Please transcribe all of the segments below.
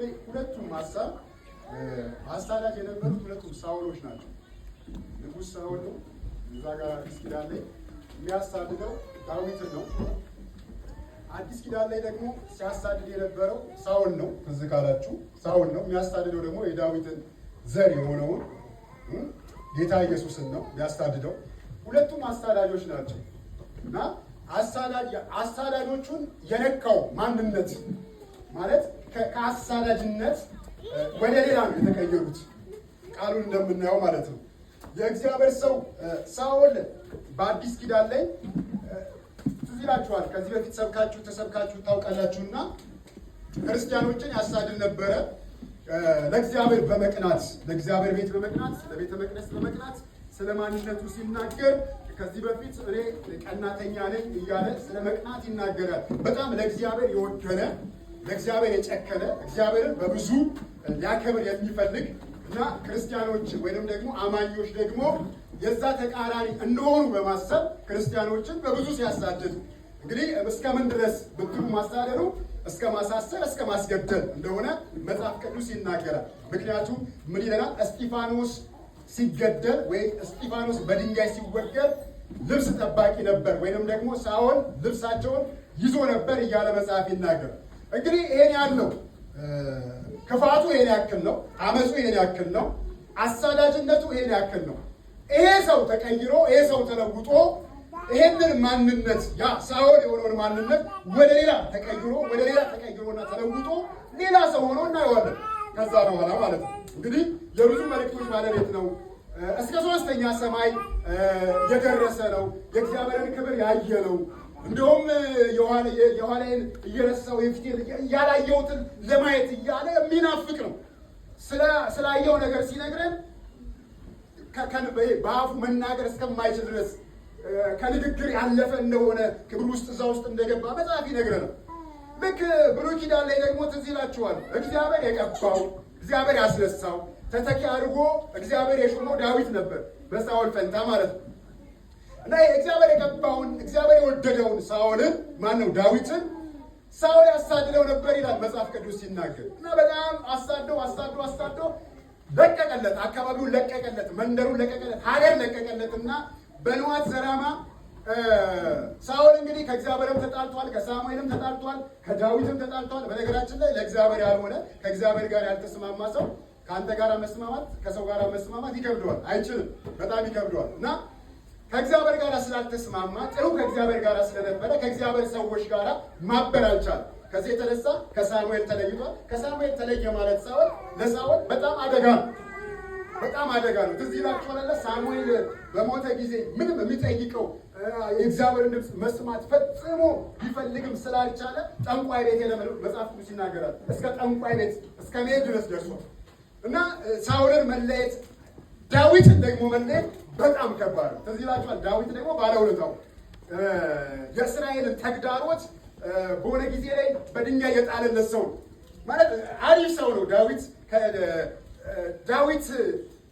በተለይ ሁለቱም ሀሳብ አሳዳጅ የነበሩት ሁለቱም ሳውሎች ናቸው። ንጉሥ ሳውል እዛ ጋር አዲስ ኪዳን ላይ የሚያሳድደው ዳዊትን ነው። አዲስ ኪዳን ላይ ደግሞ ሲያሳድድ የነበረው ሳውል ነው። ትዝ ካላችሁ ሳውል ነው የሚያሳድደው ደግሞ የዳዊትን ዘር የሆነውን ጌታ ኢየሱስን ነው የሚያሳድደው። ሁለቱም አሳዳጆች ናቸው እና አሳዳጆቹን የነካው ማንነት ማለት ከአሳዳጅነት ወደ ሌላ ነው የተቀየሩት። ቃሉን እንደምናየው ማለት ነው። የእግዚአብሔር ሰው ሳኦል በአዲስ ኪዳን ላይ ትዝ ይላችኋል። ከዚህ በፊት ሰብካችሁ ተሰብካችሁ ታውቃላችሁና ክርስቲያኖችን ያሳድድ ነበረ። ለእግዚአብሔር በመቅናት ለእግዚአብሔር ቤት በመቅናት ስለ መቅደስ በመቅናት ስለ ማንነቱ ሲናገር ከዚህ በፊት እኔ ቀናተኛ ነኝ እያለ ስለ መቅናት ይናገራል። በጣም ለእግዚአብሔር የወደነ ለእግዚአብሔር የጨከነ እግዚአብሔርን በብዙ ሊያከብር የሚፈልግ እና ክርስቲያኖች ወይም ደግሞ አማኞች ደግሞ የዛ ተቃራኒ እንደሆኑ በማሰብ ክርስቲያኖችን በብዙ ሲያሳድድ እንግዲህ እስከምን ድረስ ብትሉ ማሳደዱ እስከ ማሳሰር እስከ ማስገደል እንደሆነ መጽሐፍ ቅዱስ ይናገራል። ምክንያቱም ምን ይለናል? እስጢፋኖስ ሲገደል ወይም እስጢፋኖስ በድንጋይ ሲወገድ ልብስ ጠባቂ ነበር ወይንም ደግሞ ሳኦል ልብሳቸውን ይዞ ነበር እያለ መጽሐፍ ይናገራል። እንግዲህ ይሄን ያህል ነው። ክፋቱ ይሄን ያክል ነው። አመፁ ይሄን ያክል ነው። አሳዳጅነቱ ይሄን ያክል ነው። ይሄ ሰው ተቀይሮ ይሄ ሰው ተለውጦ ይሄንን ማንነት ያ ሳውል የሆነውን ማንነት ወደ ሌላ ተቀይሮ ወደ ሌላ ተቀይሮና ተለውጦ ሌላ ሰው ሆኖ እናየዋለን። ከዛ በኋላ ማለት ነው እንግዲህ የብዙ መልእክቶች ባለቤት ነው። እስከ ሶስተኛ ሰማይ የደረሰ ነው። የእግዚአብሔርን ክብር ያየ ነው። እንደውም የኋላዬን እየረሳው የፊቴን ያላየሁትን ለማየት እያለ የሚናፍቅ ነው። ስላየው ነገር ሲነግረን በአፉ መናገር እስከማይችል ድረስ ከንግግር ያለፈ እንደሆነ ክብር ውስጥ እዛ ውስጥ እንደገባ መጽሐፍ ይነግረናል። ልክ ብሉይ ኪዳን ላይ ደግሞ ትዝ ይላችኋል። እግዚአብሔር የቀባው እግዚአብሔር ያስነሳው ተተኪ አድርጎ እግዚአብሔር የሾመው ዳዊት ነበር በሳኦል ፈንታ ማለት ነው። እና እግዚአብሔር የቀባውን እግዚአብሔር የወደደውን ሳኦልን ማነው ዳዊትን ሳኦል ያሳድደው ነበር ይላል መጽሐፍ ቅዱስ ሲናገር። እና በጣም አሳደው አሳዶ አሳዶ ለቀቀለት፣ አካባቢውን ለቀቀለት፣ መንደሩን ለቀቀለት፣ ሀገር ለቀቀለት እና በንዋት ዘራማ ሳኦል እንግዲህ ከእግዚአብሔርም ተጣልቷል፣ ከሳሙኤልም ተጣልቷል፣ ከዳዊትም ተጣልቷል። በነገራችን ላይ ለእግዚአብሔር ያልሆነ ከእግዚአብሔር ጋር ያልተስማማ ሰው ከአንተ ጋር መስማማት ከሰው ጋር መስማማት ይከብደዋል፣ አይችልም፣ በጣም ይከብደዋል እና ከእግዚአብሔር ጋር ስላልተስማማ ጥሩ ከእግዚአብሔር ጋር ስለነበረ ከእግዚአብሔር ሰዎች ጋር ማበር አልቻለም። ከዚህ የተነሳ ከሳሙኤል ተለይቷል። ከሳሙኤል ተለየ ማለት ሳውል ለሳውል በጣም አደጋ ነው፣ በጣም አደጋ ነው። ትዝ ይላችሁ ሳሙኤል በሞተ ጊዜ ምንም የሚጠይቀው የእግዚአብሔር ድምፅ መስማት ፈጽሞ ቢፈልግም ስላልቻለ ጠንቋይ ቤት የለመደ መጽሐፍ ቅዱስ ይናገራል። እስከ ጠንቋይ ቤት እስከ መሄድ ድረስ ደርሷል እና ሳውልን መለየት ዳዊትን ደግሞ መለየት በጣም ከባድ ነው። ትዝ ይላችኋል። ዳዊት ደግሞ ባለውለታው የእስራኤልን ተግዳሮት በሆነ ጊዜ ላይ በድንጋይ የጣለለት ሰው ማለት አሪፍ ሰው ነው ዳዊት። ዳዊት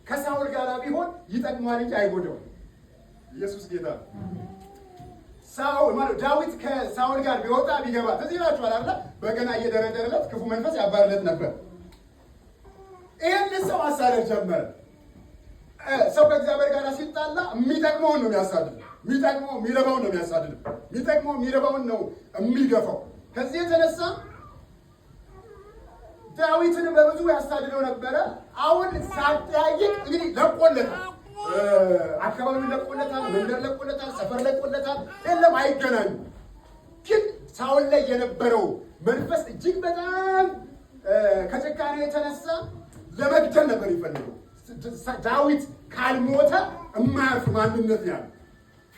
ከሳውል ጋር ቢሆን ይጠቅማል እንጂ አይጎዳውም። ኢየሱስ ጌታ ዳዊት ከሳውል ጋር ቢወጣ ቢገባ ትዝ ይላችኋል አለ በገና እየደረደረለት ክፉ መንፈስ ያባርለት ነበር። ይህን ሰው አሳደር ጀመረ። ሰው ከእግዚአብሔር ጋር ሲጣላ የሚጠቅመውን ነው የሚያሳድድ የሚጠቅመው የሚረባውን ነው የሚያሳድድ የሚጠቅመው የሚረባውን ነው የሚገፋው። ከዚህ የተነሳ ዳዊትን በብዙ ያሳድደው ነበረ። አሁን ሳጠያይቅ እንግዲህ ለቆለታል፣ አካባቢውን ለቆለታል፣ መንደር ለቆለታል፣ ሰፈር ለቆለታል። የለም አይገናኙ። ግን ሳውል ላይ የነበረው መንፈስ እጅግ በጣም ከጭካኔ የተነሳ ለመግደል ነበር ይፈልገው ዳዊት ካልሞተ እማያርፍ ማንነት ያለ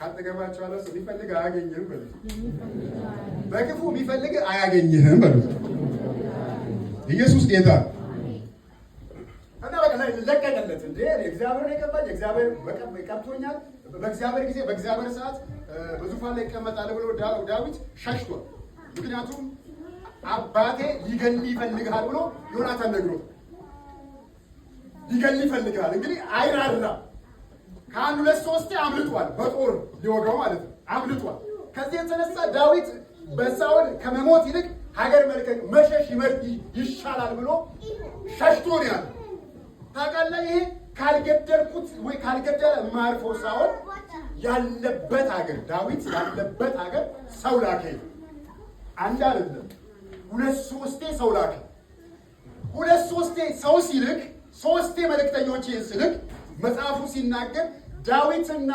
ካጠገባቸው አለ የሚፈልግ አያገኝህም በ በክፉ የሚፈልግ አያገኝህም በሉ ኢየሱስ ጌታ እና በቃ ለቀቀለት። እንደ እግዚአብሔር የቀባኝ እግዚአብሔር ቀብቶኛል፣ በእግዚአብሔር ጊዜ በእግዚአብሔር ሰዓት በዙፋን ላይ ይቀመጣል ብሎ ዳዊት ሸሽቷል። ምክንያቱም አባቴ ሊገል ይፈልግሃል ብሎ ዮናታን ነግሮት ሊገል ይፈልጋል። እንግዲህ አይራራ ከአንድ ሁለት ሶስቴ አምልጧል። በጦር ሊወጋው ማለት ነው። አምልጧል። ከዚህ የተነሳ ዳዊት በሳውል ከመሞት ይልቅ ሀገር መልቀቅ መሸሽ ይመርጥ ይሻላል ብሎ ሸሽቶ ነው ያለ። ታውቃለህ፣ ይሄ ካልገደልኩት ወይ ካልገደለ የማያርፈው ሳውል ያለበት ሀገር ዳዊት ያለበት ሀገር ሰው ላከ። አንድ አይደለም ሁለት ሶስቴ ሰው ላከ። ሁለት ሶስቴ ሰው ሲልክ ሶስቴ የመልእክተኞች ይህን ስልክ መጽሐፉ ሲናገር ዳዊትና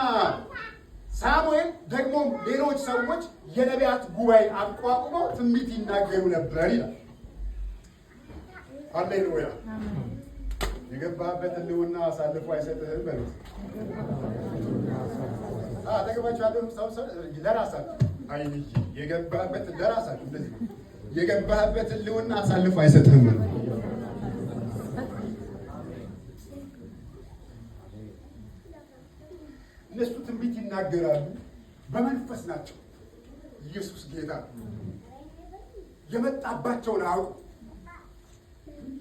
ሳሙኤል ደግሞ ሌሎች ሰዎች የነቢያት ጉባኤ አቋቁሞ ትንቢት ይናገሩ ነበር ይላል። አሌሉያ። የገባህበት ህልውና አሳልፎ አይሰጥህም። በሉት አጠገባቸው ያለሁም ሰው ለራሳችሁ አይን የገባህበት ለራሳችሁ እንደዚህ የገባህበት ህልውና አሳልፎ አይሰጥህም። እነሱ ትንቢት ይናገራሉ፣ በመንፈስ ናቸው። ኢየሱስ ጌታ የመጣባቸውን አውቁ። ዝም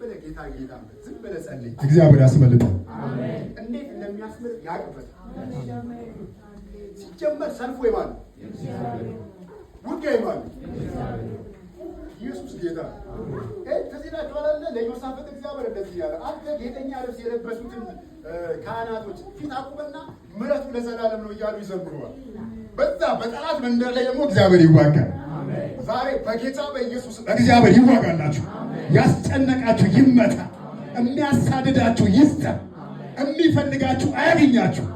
በለ ጌታ ጌታ፣ ዝም በለ ጸልይ። እግዚአብሔር ያስመልጥ፣ እንዴት እንደሚያስመልጥ ያቅበት። ሲጀመር ሰልፎ ይማሉ፣ ውጊያ ይማሉ ኢየሱስ ጌታ ከዚህ ናቸኋላለ ለዮሳፍጥ እግዚአብሔር እንደዚህ ያለ አንተ ጌጠኛ ልብስ የለበሱትን ካህናቶች ፊት አቁመና ምሕረቱ ለዘላለም ነው እያሉ ይዘምረዋል። በዛ በጠላት መንደር ላይ ደግሞ እግዚአብሔር ይዋጋል። ዛሬ በጌታ በኢየሱስ እግዚአብሔር ይዋጋላችሁ። ያስጨነቃችሁ ይመታ፣ የሚያሳድዳችሁ ይስጠ፣ የሚፈልጋችሁ አያገኛችሁ።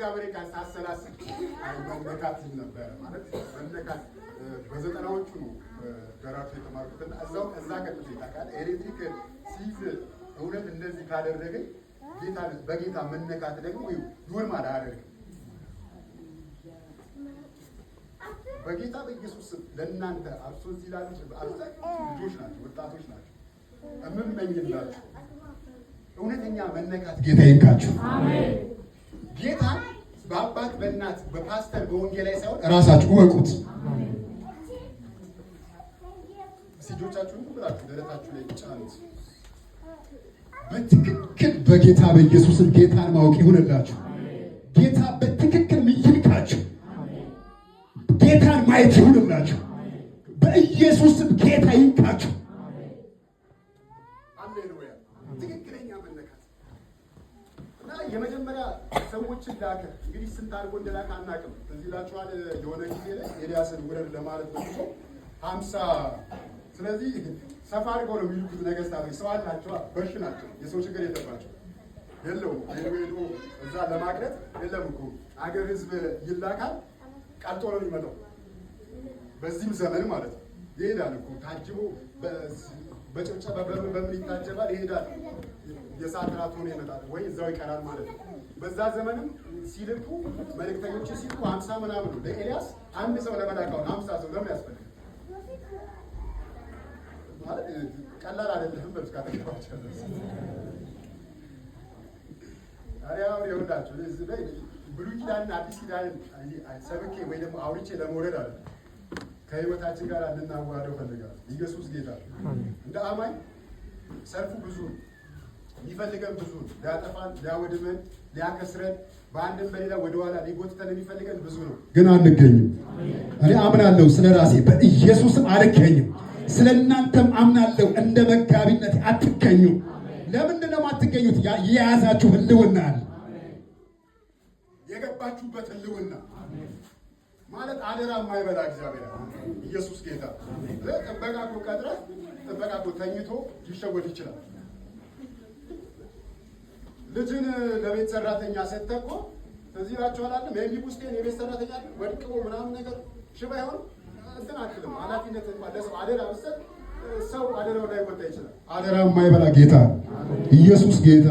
እግዚአብሔር ካሳሰላስ አይመለካትም ነው በዘጠናዎቹ ነው በራሱ የተማርኩትና እዛው እዛ ቀጥታ ታውቃለህ። ኤሌክትሪክ ሲይዝ እውነት እንደዚህ ካደረገኝ ጌታ በጌታ መነካት ደግሞ ኖርማል አያደርግም። በጌታ በኢየሱስ ስም ለእናንተ አብሶ እዚህ ላሉት ልጆች ናቸው፣ ወጣቶች ናቸው እምመኝላችሁ እውነተኛ መነካት ጌታ ይንካችሁ። ጌታ በአባት በእናት በፓስተር በወንጌል ላይ ሳይሆን እራሳችሁ እወቁት። ችግሮቻችሁን ብላችሁ ደረታችሁ ላይ ጫኑት። በትክክል በጌታ በኢየሱስም ጌታን ማወቅ ይሁንላችሁ። ጌታ በትክክል ምይልካችሁ፣ ጌታን ማየት ይሁንላችሁ። በኢየሱስም ጌታ ይንካችሁ። የመጀመሪያ ሰዎችን ላከ። እንግዲህ ስንት አድርጎ እንደላከ አናውቅም። እዚህ ላችኋል የሆነ ጊዜ ላይ ኤልያስን ውረድ ለማለት ነው ሀምሳ ስለዚህ ሰፋ አድርገው ነው የሚልኩት። ነገስታቶች ሰው አላቸው፣ በሽ ናቸው፣ የሰው ችግር የለባቸው የለውም። ሄዶ እዛ ለማቅረት የለም እኮ አገር ህዝብ ይላካል፣ ቀልጦ ነው የሚመጣው። በዚህም ዘመን ማለት ነው ይሄዳል እኮ ታጅቦ በጭብጨባ በምን በምን ይታጀባል፣ ይሄዳል። የሰዓት እራት ሆኖ ይመጣል ወይ እዛው ይቀራል ማለት ነው። በዛ ዘመንም ሲልኩ መልእክተኞች ሲልኩ ሀምሳ ምናምን ነው ለኤልያስ አንድ ሰው ለመላካውን ሀምሳ ሰው ለምን ያስፈልጋል? ቀላል አይደለም። በፍቃድ ገባቸው አሪያው ይወዳቸው እዚህ ላይ ብሉይ ኪዳንን አዲስ ኪዳንን ሰብኬ ወይ ደግሞ አውርቼ ለመውረድ አለ ከህይወታችን ጋር እንድናዋህደው ፈልጋለሁ። ኢየሱስ ጌታ እንደ አማኝ ሰልፉ ብዙ ሊፈልገን ብዙ ሊያጠፋን፣ ሊያወድመን፣ ሊያከስረን በአንድም በሌላ ወደኋላ ሊጎትተን የሚፈልገን ብዙ ነው፣ ግን አንገኝም። እኔ አምናለሁ ስለ ራሴ በኢየሱስም አልገኝም። ስለ እናንተም አምናለሁ እንደ መጋቢነት አትገኙ። ለምንድን ነው አትገኙት? የያዛችሁ ህልውና አለ የገባችሁበት ህልውና ማለት አደራ የማይበላ እግዚአብሔር ኢየሱስ ጌታ። ጥበቃ እኮ ቀጥረህ ጥበቃ እኮ ተኝቶ ሊሸወድ ይችላል። ልጅን ለቤት ሰራተኛ ሰተህ እኮ እዚህ እላቸዋለሁ። ሜቢ ውስጤን የቤት ሰራተኛ ወድቆ ምናምን ነገር ሽባ ይሆን እንትን አትልም። ኃላፊነት እንኳን ለሰው አደራ ብሰጥ ሰው አደራው ላይወጣ ይችላል። አደራ የማይበላ ጌታ ኢየሱስ ጌታ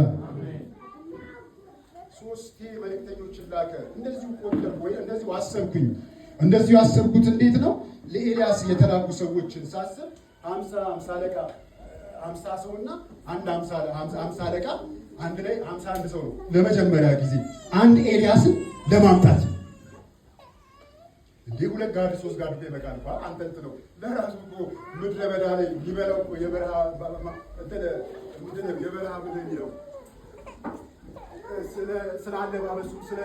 ሶስቴ መልእክተኞችን ላከ። እንደዚሁ ቆጠር ወይ እንደዚሁ አሰብኩኝ። እንደዚሁ ያሰብኩት እንዴት ነው? ለኤልያስ የተላኩ ሰዎችን ሳስብ ሀምሳ ሀምሳ አለቃ ሀምሳ ሰው እና አንድ ሀምሳ አለቃ አንድ ላይ ሀምሳ አንድ ሰው ነው ለመጀመሪያ ጊዜ አንድ ኤልያስን ለማምጣት እንዴ ሁለት ጋሪ ሶስት ጋሪ ይበቃል። አንተ እንትን ነው ለራሱ እኮ ምድረ በዳ ላይ ሊበላው እኮ የበረሃ እንትን የበረሃ ምድር የሚለው ስለ አለባበሱ ስለ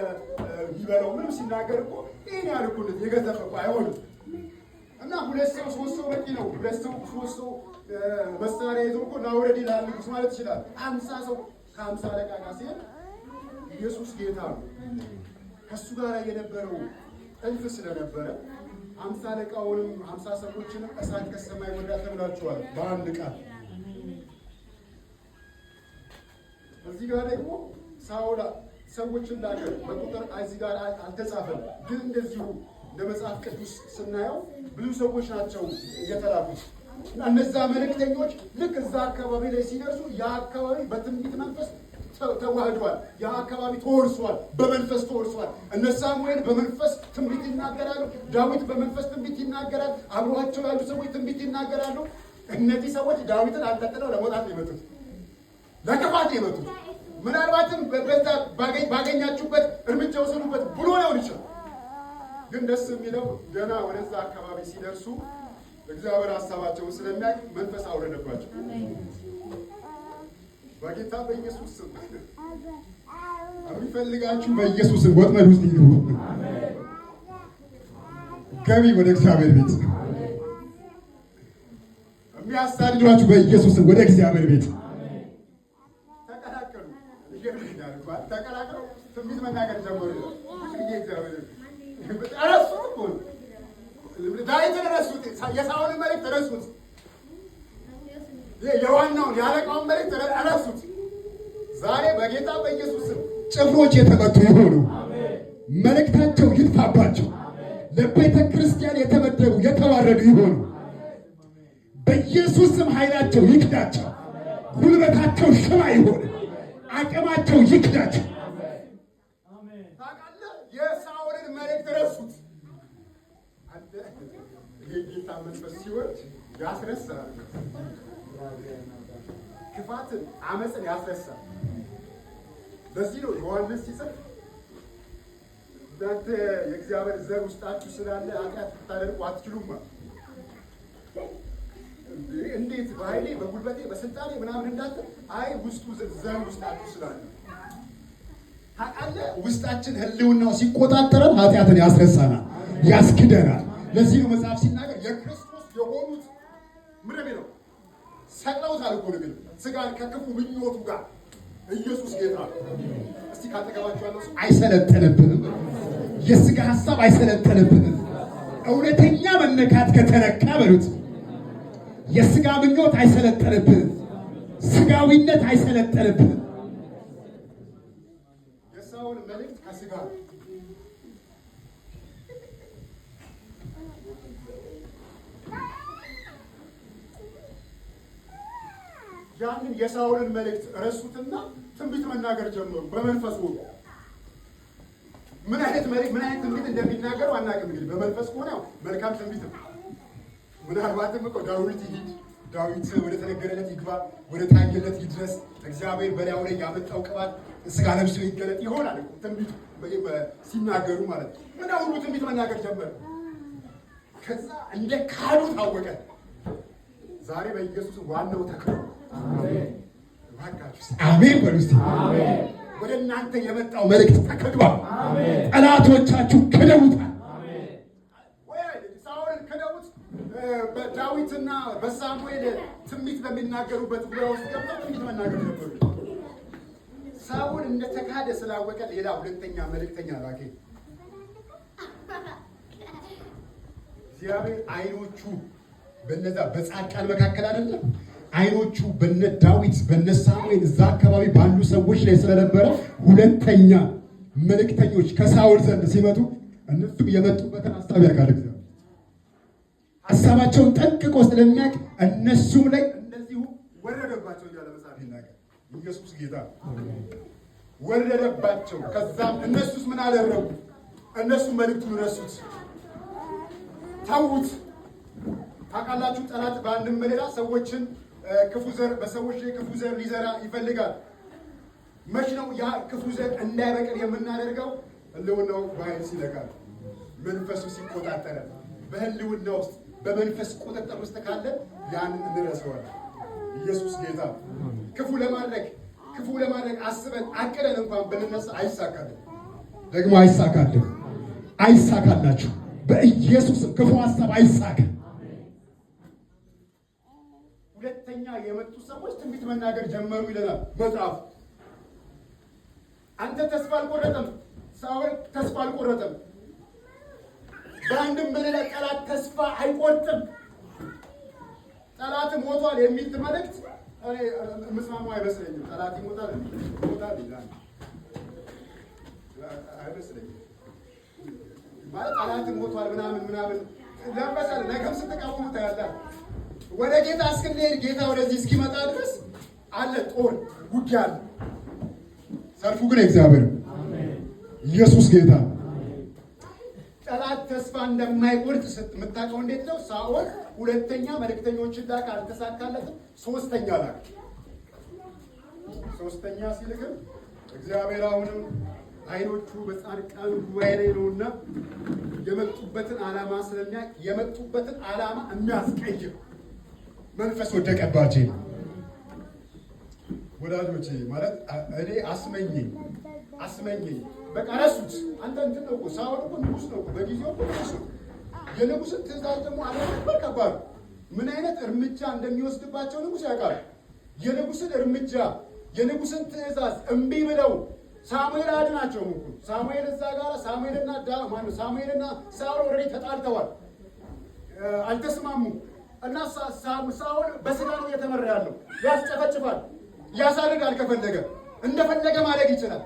ሊበላው ምንም ሲናገር እኮ ይሄን ያህል እኮ የገዘፈ እኮ አይሆንም። እና ሁለት ሰው ሶስት ሰው በቂ ነው። ሁለት ሰው ሶስት ሰው መሳሪያ ይዞ እኮ ናውረድ ይላል ንጉስ ማለት ይችላል። አምሳ ሰው ከአምሳ አለቃ ጋር ሲሄድ ኢየሱስ ጌታ ነው ከእሱ ጋር የነበረው እንፍ ስለነበረ አምሳ አለቃውንም አምሳ ሰዎችንም እሳት ከሰማይ ወዳ ተብላችኋል በአንድ ቃል። እዚህ ጋር ደግሞ ሳውላ ሰዎችን ላከ። በቁጥር እዚህ ጋር አልተጻፈም፣ ግን እንደዚሁ እንደ መጽሐፍ ቅዱስ ስናየው ብዙ ሰዎች ናቸው እየተላኩት እና እነዛ መልእክተኞች ልክ እዛ አካባቢ ላይ ሲደርሱ ያ አካባቢ በትንቢት መንፈስ ተዋህዷል። ያ አካባቢ ተወርሷል፣ በመንፈስ ተወርሷል። እነ ሳሙኤል በመንፈስ ትንቢት ይናገራሉ። ዳዊት በመንፈስ ትንቢት ይናገራል። አብሯቸው ያሉ ሰዎች ትንቢት ይናገራሉ። እነዚህ ሰዎች ዳዊትን አንጠጥለው ለመውጣት የመጡት ለክፋት የመጡት ምናልባትም በዛ ባገኛችሁበት እርምጃ ወሰዱበት ብሎ ነው ይችላል። ግን ደስ የሚለው ገና ወደዛ አካባቢ ሲደርሱ እግዚአብሔር ሀሳባቸውን ስለሚያውቅ መንፈስ አውረደባቸው። በጌታ በኢየሱስ ስም የሚፈልጋችሁ በኢየሱስ ስም ወጥመድ ውስጥ ይግቡ። ገቢ ወደ እግዚአብሔር ቤት የሚያሳድዷችሁ በኢየሱስ ስም ወደ እግዚአብሔር ቤት ተቀላቀሉ። ትንቢት መናገር ጀመሩ። ዳዊትን ረሱት። የሳኦልን መልእክት ረሱት። የዋናውን የአለቃውን መሬት አነሱት። ዛሬ በጌታ በኢየሱስ ጭፍሮች የተመቱ ይሆኑ፣ መልእክታቸው ይጥፋባቸው። ለቤተ ክርስቲያን የተመደቡ የተዋረዱ ይሆኑ። በኢየሱስ ስም ኃይላቸው ይክዳቸው፣ ጉልበታቸው ሽባ ይሆን፣ አቅማቸው ይክዳቸው። ታውቃለህ፣ መልእክት ረሱት። የጌታ መንፈስ ሲወድ ያስረሳል። ክፋትን አመፅን ያስረሳል። በዚህ ነው ዮሐንስ ሲጽፍ እናንተ የእግዚአብሔር ዘር ውስጣችሁ ስላለ ኃጢአት ልታደርጉ አትችሉም። እንዴት በኃይሌ በጉልበቴ በስልጣኔ ምናምን እንዳትል፣ አይ ውስጡ ዘር ውስጣችሁ ስላለ ታውቃለህ። ውስጣችን ህልውናው ሲቆጣጠረን ኃጢአትን ያስረሳናል፣ ያስክደናል። ለዚህ ነው መጽሐፍ ሲናገር የክርስቶስ የሆኑት ምንም ነው ሰቅለውታል እኮ ነገር ስጋን ከክፉ ምኞቱ ጋር ኢየሱስ ጌታ እስቲ ካጠገባችሁ ያለው አይሰለጠንብንም። የስጋ ሀሳብ አይሰለጠንብንም። እውነተኛ መነካት ከተነካ በሉት የስጋ ምኞት አይሰለጠንብንም። ስጋዊነት አይሰለጠንብንም። የሰውን መልእክት ከስጋ ያንን የሳውልን መልእክት ረሱትና ትንቢት መናገር ጀመሩ። በመንፈስ ወ ምን አይነት መልእክት ምን አይነት ትንቢት እንደሚናገሩ አናውቅም። እንግዲህ በመንፈስ ከሆነ መልካም ትንቢት ነው። ምናልባትም እኮ ዳዊት ይሂድ፣ ዳዊት ወደ ተነገረለት ይግባ፣ ወደ ታየለት ይድረስ፣ እግዚአብሔር በላዩ ላይ ያመጣው ቅባት ስጋ ለብሶ ይገለጥ ይሆናል ትንቢት ሲናገሩ ማለት ነው። እና ሁሉ ትንቢት መናገር ጀመረ። ከዛ እንደ ካሉ ታወቀ። ዛሬ በኢየሱስ ዋናው ተክሎ አሜን በሉ እስኪ። ወደ እናንተ የመጣው መልእክት ተከዷል። ጠላቶቻችሁ ክደውታል። ሳኦልን ክደውት በዳዊትና በሳሙኤል ትንቢት በሚናገሩበት ጉራ ውስጥ ገብተው ትንቢት መናገር ነበሩ። ሳኦል እንደተካደ ስላወቀ ሌላ ሁለተኛ መልእክተኛ ላኬ እግዚአብሔር አይኖቹ በነዛ በጻድቃን መካከል አይደለም አይኖቹ በነ ዳዊት በነ ሳሙኤል እዛ አካባቢ ባሉ ሰዎች ላይ ስለነበረ ሁለተኛ መልእክተኞች ከሳውል ዘንድ ሲመጡ እነሱም የመጡበትን ሀሳብ ያውቃል። እግዚአብሔር ሀሳባቸውን ጠንቅቆ ስለሚያውቅ እነሱም ላይ እንደዚሁ ወረደባቸው እያለ መጽሐፍ ይናገር። ኢየሱስ ጌታ ወረደባቸው። ከዛም እነሱስ ምን አደረጉ? እነሱ መልእክቱን ረሱት፣ ተዉት። ታውቃላችሁ ጠላት በአንድም በሌላ ሰዎችን ክፉ ዘር በሰዎች ላይ ክፉ ዘር ሊዘራ ይፈልጋል። መች ነው ያ ክፉ ዘር እንዳይበቅል የምናደርገው? ህልውናው በኃይል ሲነካል፣ መንፈሱ ሲቆጣጠረ፣ በህልውና ውስጥ በመንፈስ ቁጥጥር ውስጥ ካለ ያንን እንረሰዋል። ኢየሱስ ጌታ። ክፉ ለማድረግ ክፉ ለማድረግ አስበን አቅደን እንኳን ብንነሳ አይሳካልን፣ ደግሞ አይሳካልን፣ አይሳካላችሁ በኢየሱስ ክፉ ሀሳብ አይሳካ። ላይ የመጡ ሰዎች ትንቢት መናገር ጀመሩ ይለናል መጽሐፉ። አንተ ተስፋ አልቆረጠም፣ ሳውል ተስፋ አልቆረጠም። በአንድም በሌላ ጠላት ተስፋ አይቆርጥም። ጠላት ሞቷል የሚል መልእክት ምስማሙ አይመስለኝም። ጠላት ይሞታል ይሞታል ይላል አይመስለኝም። ማለት ጠላት ሞቷል ምናምን ምናምን ለምሳሌ ነገም ስትቃወሙ ታያላል ወደ ጌታ እስክንሄድ ጌታ ወደዚህ እስኪመጣ ድረስ አለ ጦር ውጊያ አለ። ዘርፉ ግን እግዚአብሔር ኢየሱስ ጌታ። ጠላት ተስፋ እንደማይቆርጥ የምታውቀው እንዴት ነው? ሳኦል ሁለተኛ መልእክተኞችን ላክ፣ አልተሳካለትም። ሶስተኛ ላክ። ሶስተኛ ሲልክም እግዚአብሔር አሁንም አይኖቹ በጻድቃን ጉባኤ ላይ ነውና የመጡበትን ዓላማ ስለሚያውቅ የመጡበትን ዓላማ የሚያስቀይር መንፈስ ወደቀባቸው። ወዳጆች ማለት እኔ አስመኘኝ አስመኘኝ በቃ ረሱት። አንተ እንትን ነው እኮ ሳውል እኮ ንጉስ ነው እኮ በጊዜው እኮ ንጉስ ነው። የንጉስን ትእዛዝ ደግሞ አለመከበር ከባድ፣ ምን አይነት እርምጃ እንደሚወስድባቸው ንጉስ ያውቃል። የንጉስን እርምጃ የንጉስን ትእዛዝ እምቢ ብለው ሳሙኤል አድናቸው እኮ ሳሙኤል እዛ ጋር ሳሙኤልና ዳ ማነው ሳሙኤልና ሳውል ኦልሬዲ ተጣልተዋል፣ አልተስማሙም እና ሳሙሳውን በስጋ ነው እየተመራ ያለው። ያስጨፈጭፋል፣ ያሳድጋል። ከፈለገ እንደፈለገ ማድረግ ይችላል።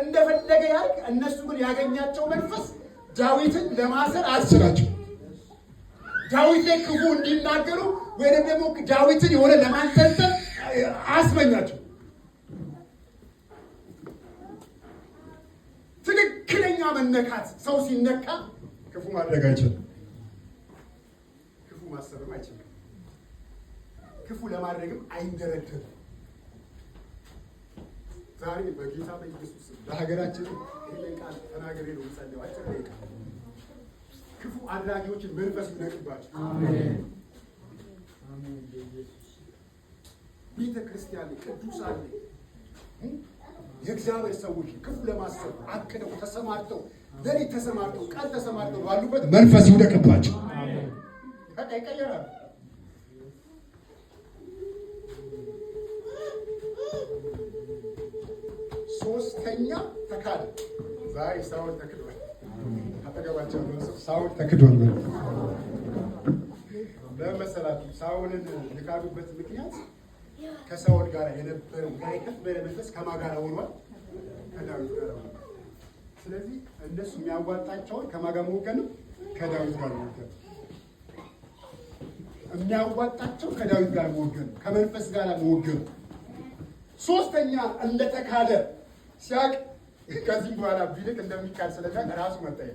እንደፈለገ ያርግ። እነሱ ግን ያገኛቸው መንፈስ ዳዊትን ለማሰር አስችላቸው። ዳዊት ላይ ክፉ እንዲናገሩ ወይም ደግሞ ዳዊትን የሆነ ለማንጠልጠል አስመኛቸው። ትክክለኛ መነካት ሰው ሲነካ ክፉ ማድረግ አይችልም። ክፉ ለማድረግም አይንደረደርም። ዛሬ በጌታ በኢየሱስ በሀገራችን ይህንን ቃል ተናገሬ ነው የምጸልየው። አጭር ደቂቃ ክፉ አድራጊዎችን መንፈስ ይነቅባቸው። ቤተ ክርስቲያን ቅዱሳን የእግዚአብሔር ሰዎች ክፉ ለማሰብ አቅደው ተሰማርተው ሌሊት ተሰማርተው ቃል ተሰማርተው ባሉበት መንፈስ ይውደቅባቸው። ሶስተኛ ተካደ። ዛሬ ሳውል ተክዷል። አጠገባቸው ሳውል ተክዷል በመሰላቱ ሳውልን የካዱበት ምክንያት ከሳውል ጋር የነበረው ጋይከት በለመንፈስ ከማ ጋር ሆኗል ከዳዊት ጋር ሆኗል። ስለዚህ እነሱ የሚያዋጣቸውን ከማጋ መወገን ከዳዊት ጋር መወገን የሚያዋጣቸው ከዳዊት ጋር መወገን ከመንፈስ ጋር መወገን ሶስተኛ እንደተካደ ሲያቅ ከዚህም በኋላ ቢልቅ እንደሚካድ ስለሚያቅ ራሱ መታየ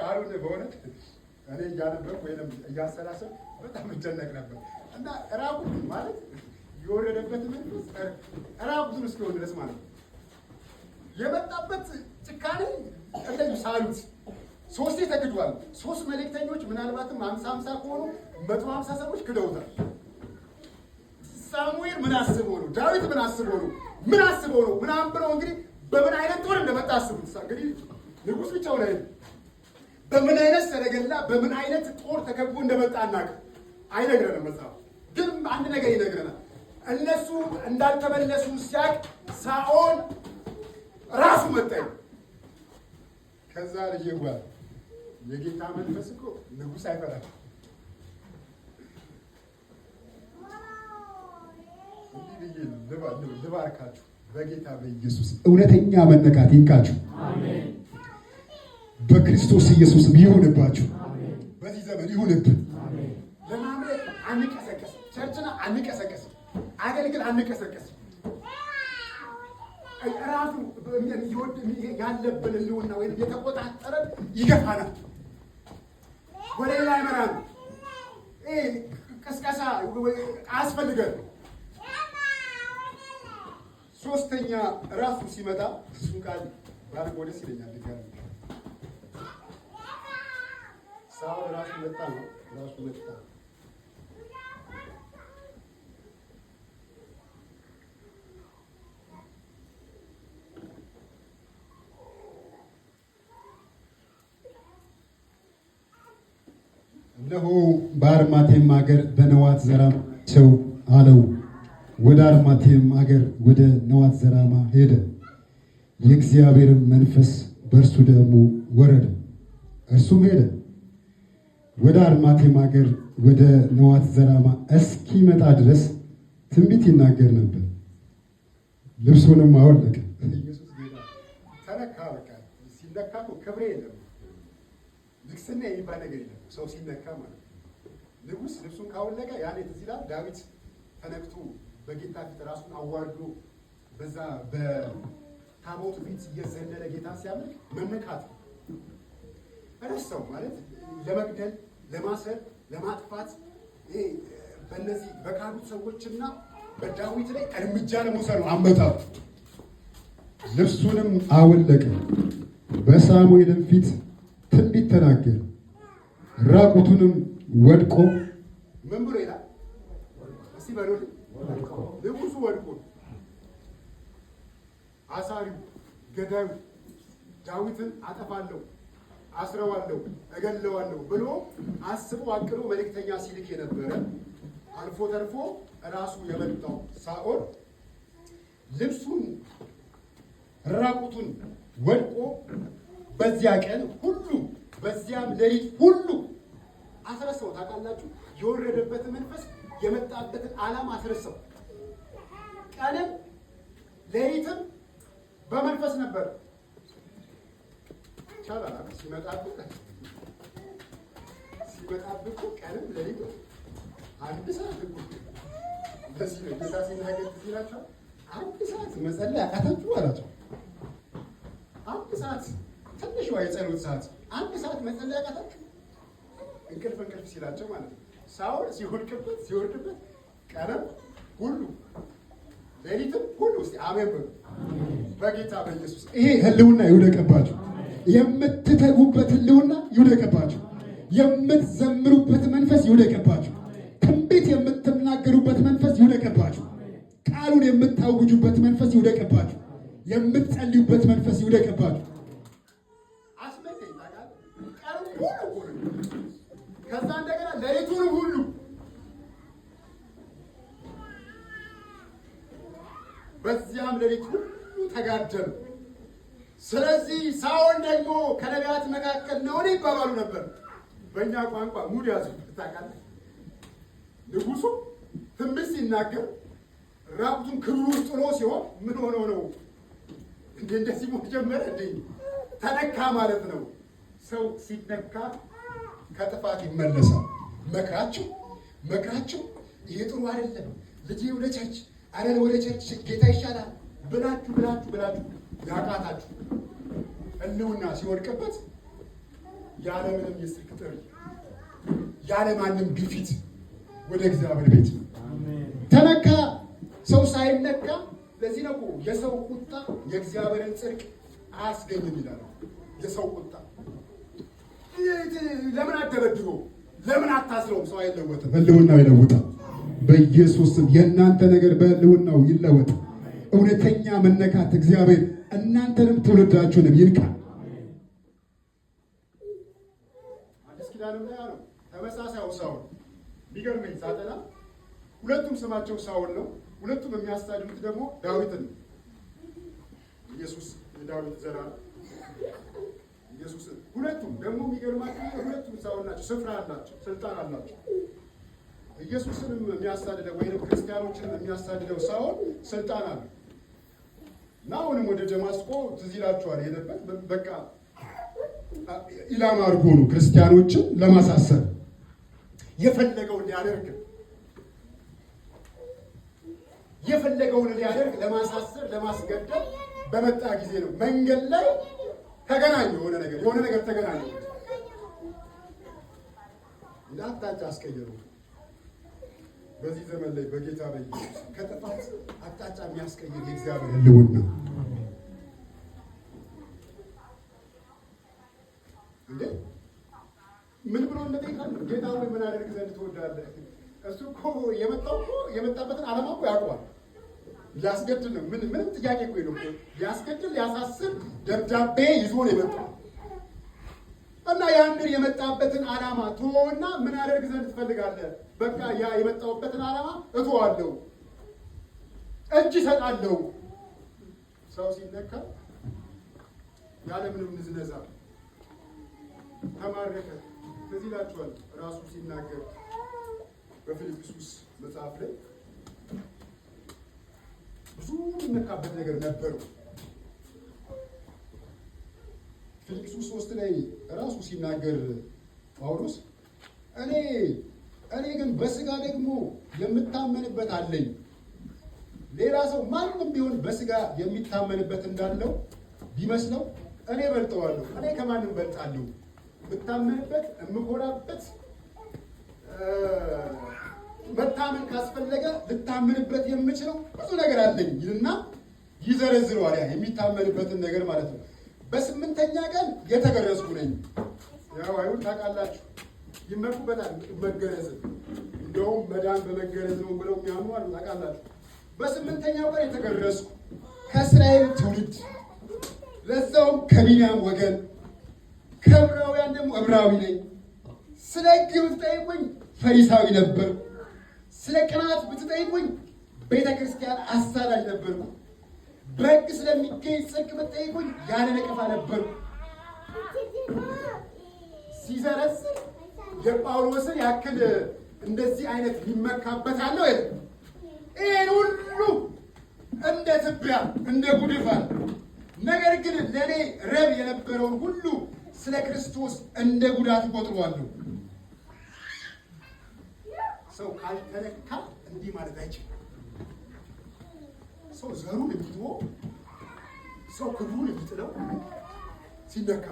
ቃሉን በእውነት እኔ እያነበብኩ ወይም እያሰላሰብ በጣም እጨነቅ ነበር እና ማለት የወረደበት እስኪሆን ድረስ ማለት ነው። የመጣበት ጭካኔ ሳሉት ሶስቴ ተክዷል። ሶስት መልእክተኞች ምናልባትም ሀምሳ ሀምሳ ከሆኑ መቶ ሀምሳ ሰዎች ክደውታል። ሳሙኤል ምን አስቦ ነው? ዳዊት ምን አስቦ ነው? ምን አስቦ ነው? ምናምን ብለው እንግዲህ በምን አይነት ጦር እንደመጣ አስቡት። እንግዲህ ንጉሥ ብቻውን አይደለም። በምን አይነት ሰረገላ፣ በምን አይነት ጦር ተከቦ እንደመጣ እናውቅ አይነግረንም መጽሐፉ። ግን አንድ ነገር ይነግረናል። እነሱ እንዳልተመለሱ ሲያቅ ሳኦል ራሱ መጣ። ከዛ ልጅ የጌታ መንፈስ እኮ ንጉስ አይፈራም ልባርካችሁ በጌታ በኢየሱስ እውነተኛ መነካት ይንካችሁ፣ በክርስቶስ ኢየሱስም ይሁንባችሁ፣ በዚህ ዘመን ይሁንብን። ለማምለክ አንቀሰቀስ ቸርችን አንቀሰቀስም፣ አገልግል አንቀሰቀስም። ራሱ ያለብን ልውና ወይም የተቆጣጠረን ይገፋናል፣ ወደ ሌላ ይመራል። ቅስቀሳ አያስፈልገን ሶስተኛ ራሱ ሲመጣ እሱን ቃል ባርጎ ደስ ይለኛል። ልጋር ሳውል ራሱ መጣ ነው ራሱ መጣ እነሆ በአርማቴም ሀገር በነዋት ዘራም ዘራቸው አለው። ወደ አርማቴም አገር ወደ ነዋት ዘራማ ሄደ። የእግዚአብሔርም መንፈስ በእርሱ ደግሞ ወረደ። እርሱም ሄደ ወደ አርማቴም አገር ወደ ነዋት ዘራማ እስኪመጣ ድረስ ትንቢት ይናገር ነበር። ልብሱንም አወለቀ። ሲነካ ክብሬ የለም ልክስና የሚባል ነገር የለም። ሰው ሲነካ ማለት ንጉስ ልብሱን ካወለቀ ያኔ ትዝ ይላል ዳዊት ተነክቶ በጌታ ፊት ራሱን አዋርዶ በዛ በታቦቱ ፊት እየዘለለ ጌታ ሲያመልክ መነካት ረሳው ማለት ለመግደል፣ ለማሰር፣ ለማጥፋት በእነዚህ በካዱት ሰዎችና በዳዊት ላይ እርምጃ ለመውሰድ ነው አመጣው። ልብሱንም አወለቀ፣ በሳሙኤልም ፊት ትንቢት ተናገረ። ራቁቱንም ወድቆ ምን ብሎ ይላል? እስቲ በሉ ንጉሱ ወድቆ አሳሪው ገዳዩ ዳዊትን አጠፋለሁ፣ አስረዋለሁ፣ እገለዋለሁ ብሎ አስቦ አቅዶ መልእክተኛ ሲልክ የነበረ አልፎ ተርፎ ራሱ የመጣው ሳኦል ልብሱን ራቁቱን ወድቆ በዚያ ቀን ሁሉ በዚያም ሌሊት ሁሉ አስረሰው ታውቃላችሁ። የወረደበት መንፈስ የመጣበትን ዓላማ አስረሳው። ቀንም ሌሊትም በመንፈስ ነበር። ይቻላል ሲመጣብህ ሲመጣብቁ ቀንም ሌሊቱ አንድ ሰዓት እኮ በዚህ ነው ጌታ ሲናገር ሲላቸው አንድ ሰዓት መጸለይ አቃታችሁ አላቸው። አንድ ሰዓት ትንሿ የጸሎት ሰዓት አንድ ሰዓት መጸለይ አቃታችሁ እንቅልፍ እንቅልፍ ሲላቸው ማለት ነው። ሳውል ሲወድቅበት ሲወድቅበት ቀንም ሁሉ ሌሊትም ሁሉ ውስጥ አሜን በሉ። በጌታ በኢየሱስ ይሄ ህልውና ይውደቀባችሁ። የምትተጉበት ህልውና ይውደቀባችሁ። የምትዘምሩበት መንፈስ ይውደቀባችሁ። ትንቢት የምትናገሩበት መንፈስ ይውደቀባችሁ። ቃሉን የምታውጁበት መንፈስ ይውደቀባችሁ። የምትጸልዩበት ስለዚህ ሳኦል ደግሞ ከነቢያት መካከል ነውን ይባባሉ ነበር። በእኛ ቋንቋ ሙድ ያዙ ታቃለ ንጉሱ ትንቢት ሲናገር ራቁቱን ክሩ ውስጥ ጥሎ ሲሆን ምን ሆኖ ነው እንዴ? እንደዚህ ሞት ጀመረ እንዴ? ተነካ ማለት ነው። ሰው ሲነካ ከጥፋት ይመለሳል። መክራችሁ መክራችሁ ይሄ ጥሩ አይደለም፣ ልጅ ወደ ቸርች አረ ወደ ቸርች ጌታ ይሻላል ብላችሁ ብላችሁ ብላችሁ ያቃታችሁ እልውና ሲወድቅበት ያለምንም የስልክ ጥሪ ያለማንም ግፊት ወደ እግዚአብሔር ቤት ተነካ ሰው ሳይነካ። ለዚህ ነው የሰው ቁጣ የእግዚአብሔርን ጽድቅ አያስገኝም ይላል። የሰው ቁጣ ለምን አደበድበው? ለምን አታስረውም? ሰው አይለወጥም፣ ህልውናው ይለወጣል። በኢየሱስም የእናንተ ነገር በህልውናው ይለወጥ። እውነተኛ መነካት እግዚአብሔር እናንተንም ትውልዳችሁንም ይንካል። አዲስ ኪዳንም ላይ አለው ተመሳሳዩ ሳውል ቢገርመኝ ሳጠና ሁለቱም ስማቸው ሳውል ነው። ሁለቱም የሚያስታድሙት ደግሞ ዳዊትን ነው። ኢየሱስ የዳዊት ዘራ ኢየሱስ ሁለቱም ደግሞ የሚገርማቸው ሁለቱም ሳውል ናቸው። ስፍራ አላቸው፣ ስልጣን አላቸው። ኢየሱስንም የሚያሳድደው ወይም ክርስቲያኖችንም የሚያሳድደው ሳውል ስልጣን አለው። እና አሁንም ወደ ደማስቆ ትዝ ይላችኋል የሄደበት በቃ ኢላማ አድርጎ ነው ክርስቲያኖችን ለማሳሰብ የፈለገውን ሊያደርግ የፈለገውን ሊያደርግ ለማሳሰብ ለማስገደል በመጣ ጊዜ ነው። መንገድ ላይ ተገናኙ፣ የሆነ ነገር የሆነ ነገር ተገናኙ። እንዳታጭ አስቀየሩ በዚህ ዘመን ላይ በጌታ በኢየሱስ ከጥፋት አቅጣጫ የሚያስቀይር የእግዚአብሔር ሕልውና እንዴ ምን ብሎ እንደጠይቃል? ጌታ ሆይ ምን አደርግ ዘንድ ትወዳለህ? እሱ እኮ የመጣው እኮ የመጣበትን አላማ እኮ ያውቀዋል። ሊያስገድል ነው። ምን ምንም ጥያቄ እኮ ነው። ሊያስገድል ሊያሳስብ ደብዳቤ ይዞ ነው የመጣው እና ያንን የመጣበትን አላማ ቶና ምን አደርግ ዘንድ ትፈልጋለህ በቃ ያ የመጣሁበትን ዓላማ እተዋለሁ፣ እጅ እሰጣለሁ። ሰው ሲነካ ያለምንም ንዝነዛ ተማረከ። ትዝ ራሱ ሲናገር በፊልጵስዩስ መጽሐፍ ላይ ብዙ የሚነካበት ነገር ነበሩ። ፊልጵስዩስ ሶስት ላይ ራሱ ሲናገር ጳውሎስ እኔ እኔ ግን በስጋ ደግሞ የምታመንበት አለኝ። ሌላ ሰው ማንም ቢሆን በስጋ የሚታመንበት እንዳለው ቢመስለው እኔ በልጠዋለሁ። እኔ ከማንም በልጣለሁ፣ ብታመንበት፣ የምኮራበት መታመን ካስፈለገ ልታመንበት የምችለው ብዙ ነገር አለኝ ይልና ይዘረዝረዋል። ያ የሚታመንበትን ነገር ማለት ነው። በስምንተኛ ቀን የተገረዝኩ ነኝ። ያው አይሁን ታውቃላችሁ ይመኩበታል። መገረዝን እንደውም መዳን በመገረዝ ነው ብለው የሚያምኑ አሉ። ታውቃላችሁ። የተገረዝኩ ከእስራኤል ትውልድ ለዛውም ከቢንያም ወገን ከዕብራውያን ደግሞ ዕብራዊ ነኝ። ስለ ሕግ ብትጠይቁኝ ፈሪሳዊ ነበር። ስለ ብትጠይቁኝ ቤተ ክርስቲያን አሳዳጅ ነበርኩ። በሕግ ስለሚገኝ ጽድቅ ብትጠይቁኝ ያለ ነቀፋ ሲዘረዝር የጳውሎስን ያክል እንደዚህ አይነት አለው የለም። ይህን ሁሉ እንደ ትቢያ እንደ ጉድፋ ነገር ግን ለእኔ ረብ የነበረውን ሁሉ ስለ ክርስቶስ እንደ ጉዳት ቆጥሯለሁ። ሰው ካልተለካ እንዲህ ማለት አይችልም። ሰው ዘሩን የሚትሞ ሰው ክብሩን የሚጥለው ሲነካ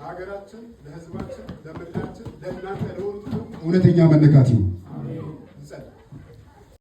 ለሀገራችን፣ ለህዝባችን ለምድራችን፣ ለእናንተ ለወንዱ እውነተኛ መነካት ነው።